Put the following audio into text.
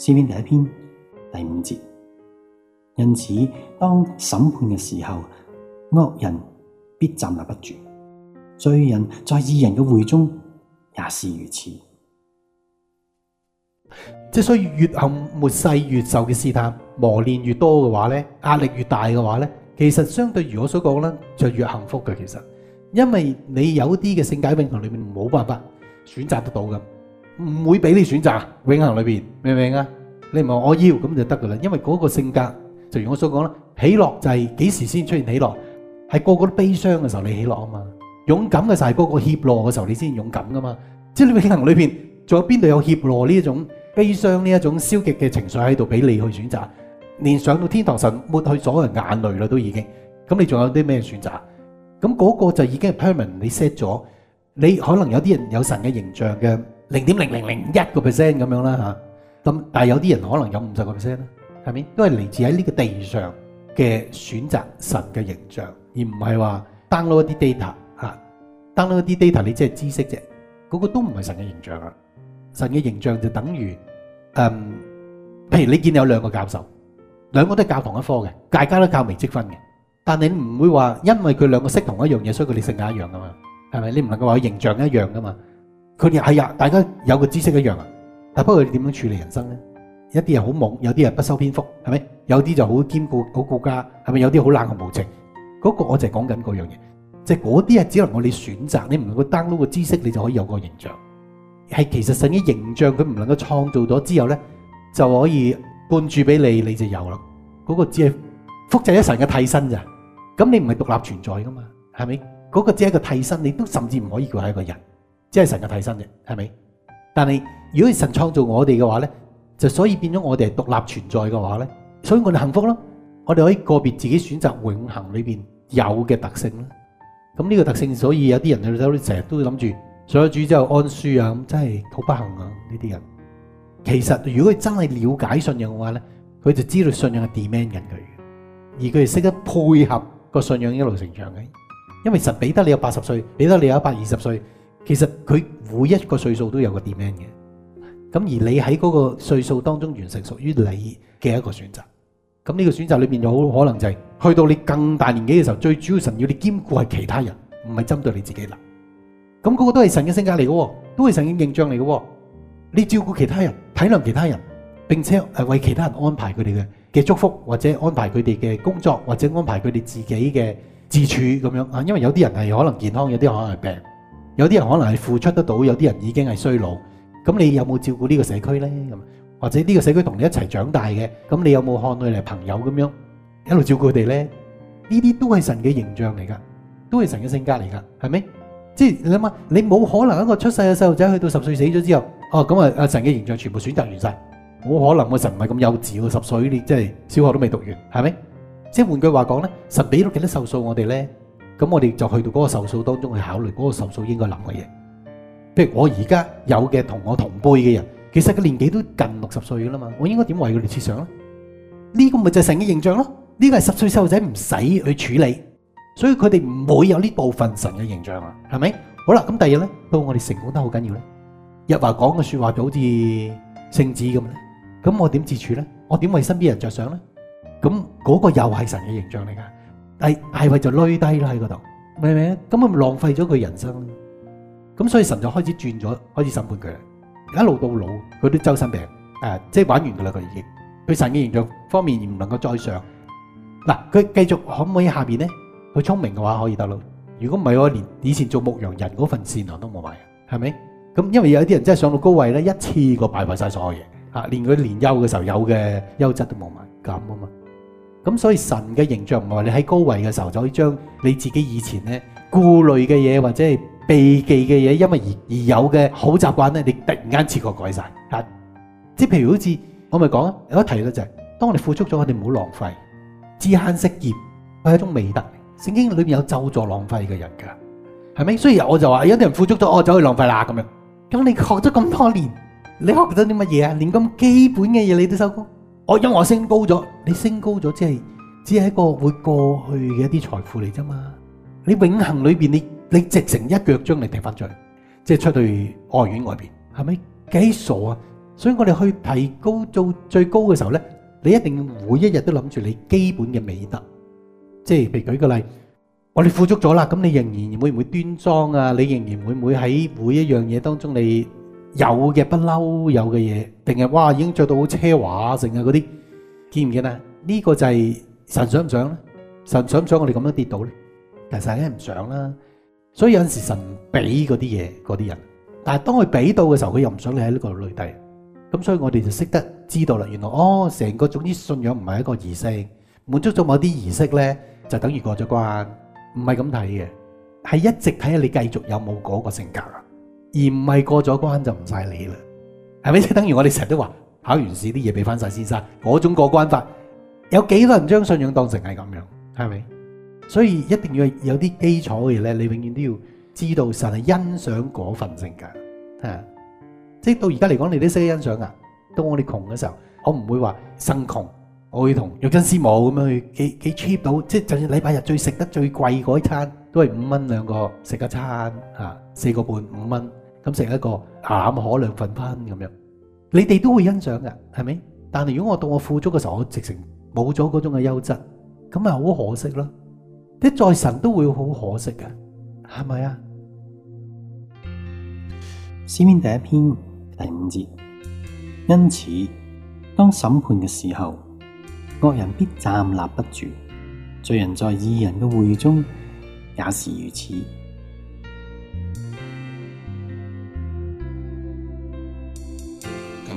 詩篇第一篇第五節，因此當審判嘅時候，惡人必站立不住；罪人在義人嘅會中也是如此。即所以，越後末世越受嘅試探磨練越多嘅話咧，壓力越大嘅話咧，其實相對如我所講啦，就越幸福嘅。其實，因為你有啲嘅性格命途裏面冇辦法選擇得到嘅。唔會俾你選擇，永恒裏邊，明唔明啊？你唔係我要咁就得噶啦，因為嗰個性格，就如我所講啦，喜樂就係幾時先出現喜樂？係個個都悲傷嘅時候你喜樂啊嘛，勇敢嘅就係個個怯懦嘅時候你先勇敢噶嘛。即係你永恒裏邊，仲有邊度有怯懦呢一種悲傷呢一種消極嘅情緒喺度俾你去選擇？連上到天堂神，抹去所有人眼淚啦都已經。咁你仲有啲咩選擇？咁嗰個就已經 permanent 你 set 咗。你可能有啲人有神嘅形象嘅。零點零零零一個 percent 咁樣啦吓，咁但係有啲人可能有五十個 percent 啦，係咪？因為嚟自喺呢個地上嘅選擇神嘅形象，而唔係話 download 一啲 data 吓，download 一啲 data 你即係知識啫，嗰個都唔係神嘅形象啊！神嘅形象就等於誒，譬如你見有兩個教授，兩個都係教同一科嘅，大家都教微積分嘅，但你唔會話因為佢兩個識同一樣嘢，所以佢哋性格一樣噶嘛？係咪？你唔能夠話佢形象一樣噶嘛？佢哋係呀，大家有個知識一樣啊，但不過你點樣處理人生咧？一啲人好懵，有啲人不修邊幅，係咪？有啲就好兼顧好顧家，係咪？有啲好冷酷無情，嗰個我就係講緊嗰樣嘢，即係嗰啲係只能我你選擇，你唔能夠 download 個知識，你就可以有個形象。係其實神嘅形象佢唔能夠創造咗之後咧，就可以灌注俾你，你就有啦。嗰個只係複製一神嘅替身咋？咁你唔係獨立存在噶嘛？係咪？嗰個只係一個替身，你都甚至唔可以叫係一個人。即係神嘅替身嘅，係咪？但係如果神創造我哋嘅話咧，就所以變咗我哋係獨立存在嘅話咧，所以我哋幸福咯。我哋可以個別自己選擇永恆裏邊有嘅特性啦。咁、這、呢個特性，所以有啲人喺度走，成日都諗住想上主之後安舒啊，咁真係好不幸啊！呢啲人其實如果佢真係了解信仰嘅話咧，佢就知道信仰係 demand 緊佢，而佢係識得配合個信仰一路成長嘅。因為神俾得你有八十歲，俾得你有一百二十歲。其實佢每一個歲數都有個 demand 嘅，咁而你喺嗰個歲數當中完成屬於你嘅一個選擇，咁呢個選擇裏面有好可能就係、是、去到你更大年紀嘅時候，最主要神要你兼顧係其他人，唔係針對你自己啦。咁、那、嗰個都係神嘅性格嚟嘅，都係神嘅形象嚟嘅。你照顧其他人、體諒其他人，並且誒為其他人安排佢哋嘅嘅祝福，或者安排佢哋嘅工作，或者安排佢哋自己嘅自處咁樣啊。因為有啲人係可能健康，有啲可能係病。有啲人可能係付出得到，有啲人已經係衰老。咁你有冇照顧呢個社區咧？咁或者呢個社區同你一齊長大嘅，咁你有冇看佢哋朋友咁樣一路照顧佢哋咧？呢啲都係神嘅形象嚟噶，都係神嘅性格嚟噶，係咪？即係你諗下，你冇可能一個出世嘅細路仔去到十歲死咗之後，哦咁啊，阿神嘅形象全部選擇完晒，冇可能阿神唔係咁幼稚噶，十歲你即係小學都未讀完，係咪？即係換句話講咧，神俾咗幾多壽數我哋咧？咁我哋就去到嗰個壽數當中去考慮嗰個壽數應該諗嘅嘢。譬如我而家有嘅同我同輩嘅人，其實佢年紀都近六十歲噶啦嘛，我應該點為佢哋設想咧？呢個咪就係神嘅形象咯？呢個係十歲細路仔唔使去處理，所以佢哋唔會有呢部分神嘅形象啊？係咪？好啦，咁第二日咧，到我哋成功得好緊要咧，日華講嘅說話就好似聖旨咁咧，咁我點自處咧？我點為身邊人着想咧？咁嗰個又係神嘅形象嚟噶。第高位就累低啦喺嗰度，明唔明？咁咪浪費咗佢人生咯。咁所以神就開始轉咗，開始審判佢啦。一路到老，佢都周身病，誒，即係玩完噶啦佢已經。佢神嘅形象方面唔能夠再上。嗱，佢繼續可唔可以下邊咧？佢聰明嘅話可以得咯。如果唔係我連以前做牧羊人嗰份善良都冇埋，係咪？咁因為有啲人真係上到高位咧，一次過敗壞晒所有嘢吓，連佢年幼嘅時候有嘅優質都冇埋，咁啊嘛。咁所以神嘅形象唔係話你喺高位嘅時候就可以將你自己以前咧顧慮嘅嘢，或者係避忌嘅嘢，因為而而有嘅好習慣咧，你突然間切過改晒吓。即係譬如好似我咪講啊，有一提嘅就係、是，當你付出咗，我哋唔好浪費，知慳識儉係一種美德。聖經裏邊有咒助浪費嘅人噶，係咪？雖然我就話有啲人付出咗，哦，走去浪費啦咁樣。咁你學咗咁多年，你學咗啲乜嘢啊？連咁基本嘅嘢你都收工？我因為我升高咗，你升高咗，即係只係一個會過去嘅一啲財富嚟啫嘛。你永恆裏邊，你你直成一腳將你踢返出去，即係出去外院外邊，係咪幾傻啊？所以我哋去提高到最高嘅時候咧，你一定要每一日都諗住你基本嘅美德，即係譬如舉個例，我哋富足咗啦，咁你仍然會唔會端莊啊？你仍然會唔會喺每一樣嘢當中你？有嘅不嬲，有嘅嘢，定係哇，已經著到好奢華，成啊嗰啲，見唔見啊？呢個就係神想唔想咧？神想唔想我哋咁樣跌倒咧？其實梗係唔想啦。所以有陣時神俾嗰啲嘢，嗰啲人，但係當佢俾到嘅時候，佢又唔想你喺呢個裏底。咁所以我哋就識得知道啦。原來哦，成個總之信仰唔係一個儀式，滿足咗某啲儀式咧，就等於過咗關，唔係咁睇嘅，係一直睇下你繼續有冇嗰個性格啊。而唔係過咗關就唔曬你啦，係咪？即係等於我哋成日都話考完試啲嘢俾翻曬先生嗰種過關法，有幾多人將信仰當成係咁樣？係咪？所以一定要有啲基礎嘅嘢咧，你永遠都要知道神係欣賞嗰份性格，嚇！即係到而家嚟講，你都識欣賞㗎。當我哋窮嘅時候，我唔會話生窮，我會同玉根師母咁樣去幾幾 cheap 到，即係就算禮拜日最食得最貴嗰一餐，都係五蚊兩個食一餐嚇，四個半五蚊。咁食一個腩可兩份番咁樣，你哋都會欣賞嘅，係咪？但係如果我到我富足嘅時候，我直情冇咗嗰種嘅優質，咁咪好可惜咯。啲在神都會好可惜嘅，係咪啊？詩篇第一篇第五節，因此當審判嘅時候，惡人必站立不住；罪人在義人嘅會中也是如此。